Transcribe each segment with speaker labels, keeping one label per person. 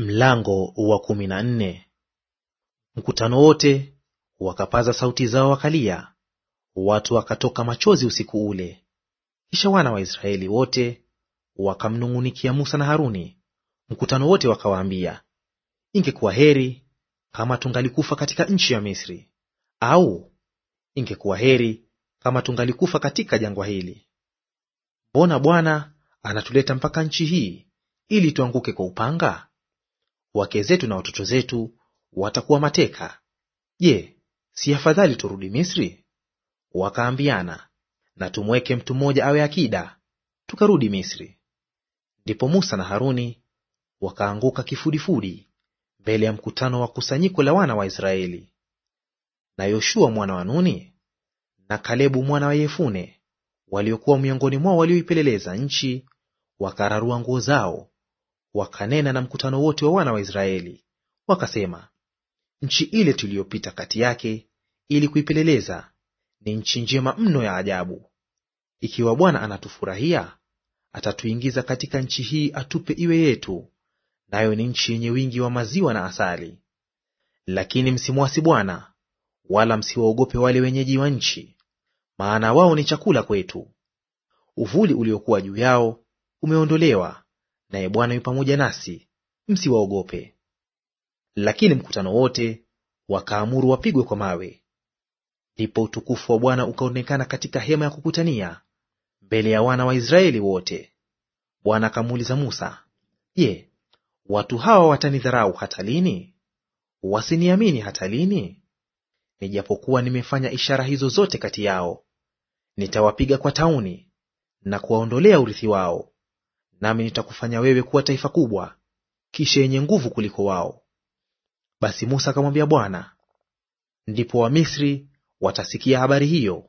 Speaker 1: Mlango wa kumi na nne. Mkutano wote wakapaza sauti zao wakalia, watu wakatoka machozi usiku ule. Kisha wana wa Israeli wote wakamnung'unikia Musa na Haruni, mkutano wote wakawaambia, ingekuwa heri kama tungalikufa katika nchi ya Misri, au ingekuwa heri kama tungalikufa katika jangwa hili. Mbona Bwana anatuleta mpaka nchi hii ili tuanguke kwa upanga? wake zetu na watoto zetu watakuwa mateka. Je, si afadhali turudi Misri? Wakaambiana, na tumweke mtu mmoja awe akida, tukarudi Misri. Ndipo Musa na Haruni wakaanguka kifudifudi mbele ya mkutano wa kusanyiko la wana wa Israeli. Na Yoshua mwana wa Nuni na Kalebu mwana wa Yefune waliokuwa miongoni mwao walioipeleleza nchi, wakararua nguo zao wakanena na mkutano wote wa wana wa Israeli wakasema, nchi ile tuliyopita kati yake ili kuipeleleza ni nchi njema mno ya ajabu. Ikiwa Bwana anatufurahia, atatuingiza katika nchi hii atupe iwe yetu, nayo ni nchi yenye wingi wa maziwa na asali. Lakini msimwasi Bwana, wala msiwaogope wale wenyeji wa nchi, maana wao ni chakula kwetu. Uvuli uliokuwa juu yao umeondolewa, naye Bwana yu pamoja nasi, msiwaogope. Lakini mkutano wote wakaamuru wapigwe kwa mawe. Ndipo utukufu wa Bwana ukaonekana katika hema ya kukutania mbele ya wana wa Israeli wote. Bwana akamuuliza Musa, Je, watu hawa watanidharau hata lini? Wasiniamini hata lini? Nijapokuwa nimefanya ishara hizo zote kati yao, nitawapiga kwa tauni na kuwaondolea urithi wao nami nitakufanya wewe kuwa taifa kubwa, kisha yenye nguvu kuliko wao. Basi Musa akamwambia Bwana, ndipo Wamisri watasikia habari hiyo,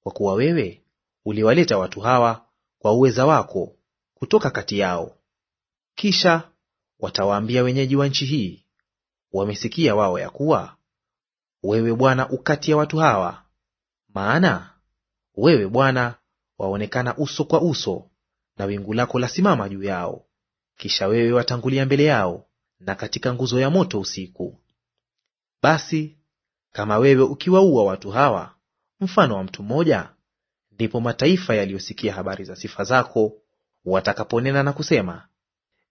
Speaker 1: kwa kuwa wewe uliwaleta watu hawa kwa uweza wako kutoka kati yao. Kisha watawaambia wenyeji wa nchi hii, wamesikia wao ya kuwa wewe Bwana ukati ya watu hawa, maana wewe Bwana waonekana uso kwa uso na wingu lako lasimama juu yao. Kisha wewe watangulia mbele yao na katika nguzo ya moto usiku. Basi kama wewe ukiwaua watu hawa mfano wa mtu mmoja, ndipo mataifa yaliyosikia habari za sifa zako watakaponena na kusema,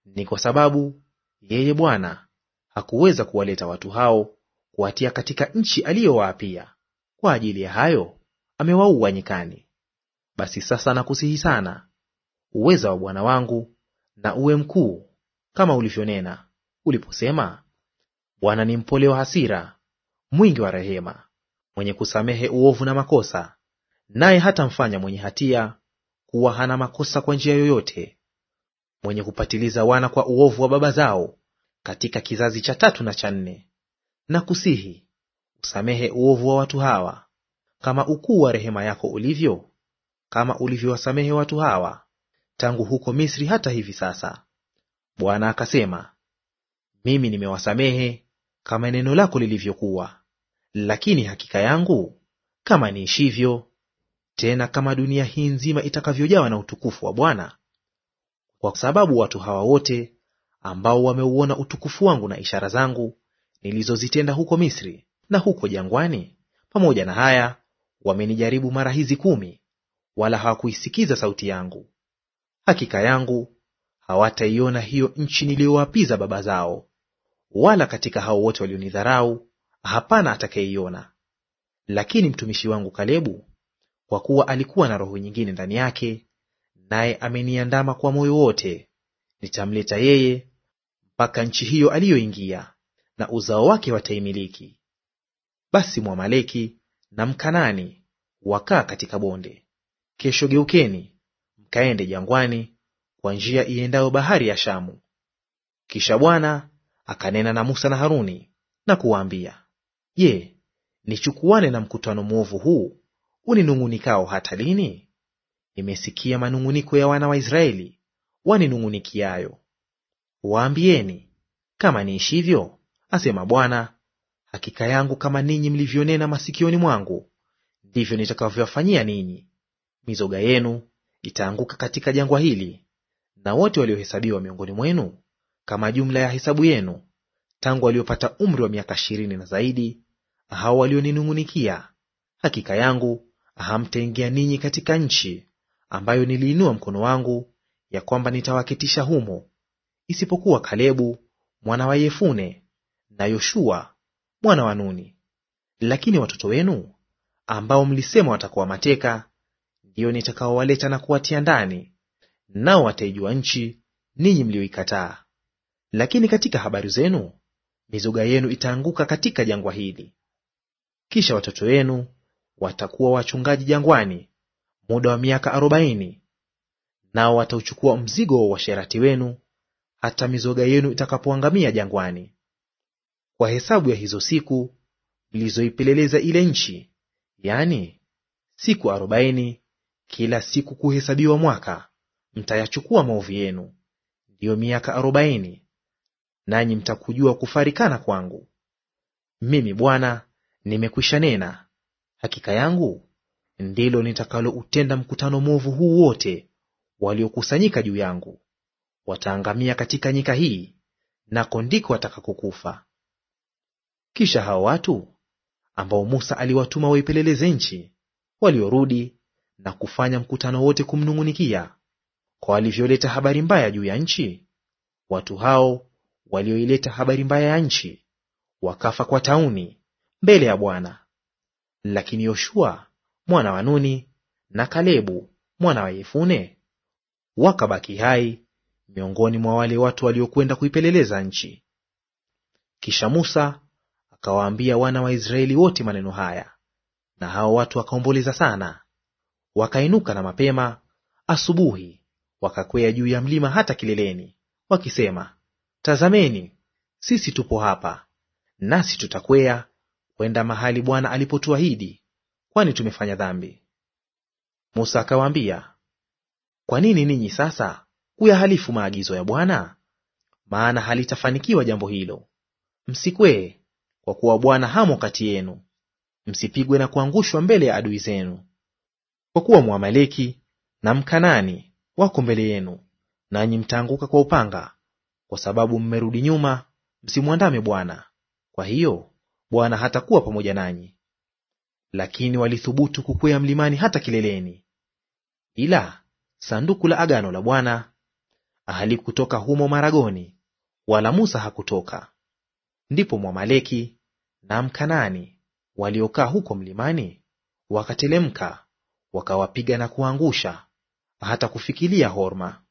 Speaker 1: ni kwa sababu yeye Bwana hakuweza kuwaleta watu hao kuwatia katika nchi aliyowaapia, kwa ajili ya hayo amewaua nyikani. Basi sasa nakusihi sana uweza wa bwana wangu, na uwe mkuu kama ulivyonena uliposema, Bwana ni mpole wa hasira, mwingi wa rehema, mwenye kusamehe uovu na makosa, naye hatamfanya mwenye hatia kuwa hana makosa kwa njia yoyote, mwenye kupatiliza wana kwa uovu wa baba zao katika kizazi cha tatu na cha nne. Na kusihi usamehe uovu wa watu hawa, kama ukuu wa rehema yako ulivyo, kama ulivyowasamehe watu hawa tangu huko Misri hata hivi sasa. Bwana akasema, mimi nimewasamehe kama neno lako lilivyokuwa, lakini hakika yangu kama niishivyo, tena kama dunia hii nzima itakavyojawa na utukufu wa Bwana, kwa sababu watu hawa wote ambao wameuona utukufu wangu na ishara zangu nilizozitenda huko Misri na huko jangwani, pamoja na haya wamenijaribu mara hizi kumi, wala hawakuisikiza sauti yangu. Hakika yangu hawataiona hiyo nchi niliyowapiza baba zao, wala katika hao wote walionidharau hapana atakayeiona. Lakini mtumishi wangu Kalebu, kwa kuwa alikuwa na roho nyingine ndani yake, naye ameniandama kwa moyo wote, nitamleta yeye mpaka nchi hiyo aliyoingia, na uzao wake wataimiliki. Basi Mwamaleki na Mkanani wakaa katika bonde. Kesho geukeni, kaende jangwani kwa njia iendayo bahari ya Shamu. Kisha Bwana akanena na Musa na Haruni na kuwaambia, Je, nichukuane na mkutano mwovu huu uninung'unikao hata lini? Nimesikia manung'uniko ya wana wa Israeli waninung'unikiayo. Waambieni, kama niishivyo, asema Bwana, hakika yangu kama ninyi mlivyonena masikioni mwangu, ndivyo nitakavyowafanyia ninyi; mizoga yenu itaanguka katika jangwa hili, na wote waliohesabiwa miongoni mwenu kama jumla ya hesabu yenu, tangu waliopata umri wa miaka ishirini na zaidi, hao walioninung'unikia, hakika yangu hamtaingia ninyi katika nchi ambayo niliinua mkono wangu ya kwamba nitawaketisha humo, isipokuwa Kalebu mwana wa Yefune na Yoshua mwana wa Nuni. Lakini watoto wenu ambao mlisema watakuwa mateka ndiyo nitakaowaleta na kuwatia ndani, nao wataijua nchi, ninyi mlioikataa. Lakini katika habari zenu mizoga yenu itaanguka katika jangwa hili. Kisha watoto wenu watakuwa wachungaji jangwani muda wa miaka arobaini, nao watauchukua mzigo wa washerati wenu hata mizoga yenu itakapoangamia jangwani. Kwa hesabu ya hizo siku mlizoipeleleza ile nchi, yani siku arobaini, kila siku kuhesabiwa mwaka, mtayachukua maovu yenu, ndiyo miaka arobaini, nanyi mtakujua kufarikana kwangu. Mimi Bwana nimekwisha nena, hakika yangu ndilo nitakaloutenda mkutano mwovu huu wote waliokusanyika juu yangu. Wataangamia katika nyika hii, nako ndiko watakakokufa. Kisha hao watu ambao Musa aliwatuma waipeleleze nchi, waliorudi na kufanya mkutano wote kumnung'unikia kwa walivyoleta habari mbaya juu ya nchi, watu hao walioileta habari mbaya ya nchi wakafa kwa tauni mbele ya Bwana. Lakini Yoshua mwana wa Nuni na Kalebu mwana wa Yefune wakabaki hai miongoni mwa wale watu waliokwenda kuipeleleza nchi. Kisha Musa akawaambia wana wa Israeli wote maneno haya, na hao watu wakaomboleza sana. Wakainuka na mapema asubuhi, wakakwea juu ya mlima hata kileleni, wakisema, Tazameni, sisi tupo hapa, nasi tutakwea kwenda mahali Bwana alipotuahidi, kwani tumefanya dhambi. Musa akawaambia, kwa nini ninyi sasa kuyahalifu maagizo ya Bwana? Maana halitafanikiwa jambo hilo. Msikwee, kwa kuwa Bwana hamo kati yenu, msipigwe na kuangushwa mbele ya adui zenu. Kwa kuwa Mwamaleki na mkanani wako mbele yenu, nanyi mtaanguka kwa upanga, kwa sababu mmerudi nyuma, msimwandame Bwana; kwa hiyo Bwana hatakuwa pamoja nanyi. Lakini walithubutu kukwea mlimani hata kileleni, ila sanduku la agano la Bwana halikutoka humo maragoni, wala Musa hakutoka. Ndipo Mwamaleki na mkanani waliokaa huko mlimani wakatelemka wakawapiga na kuangusha hata kufikilia Horma.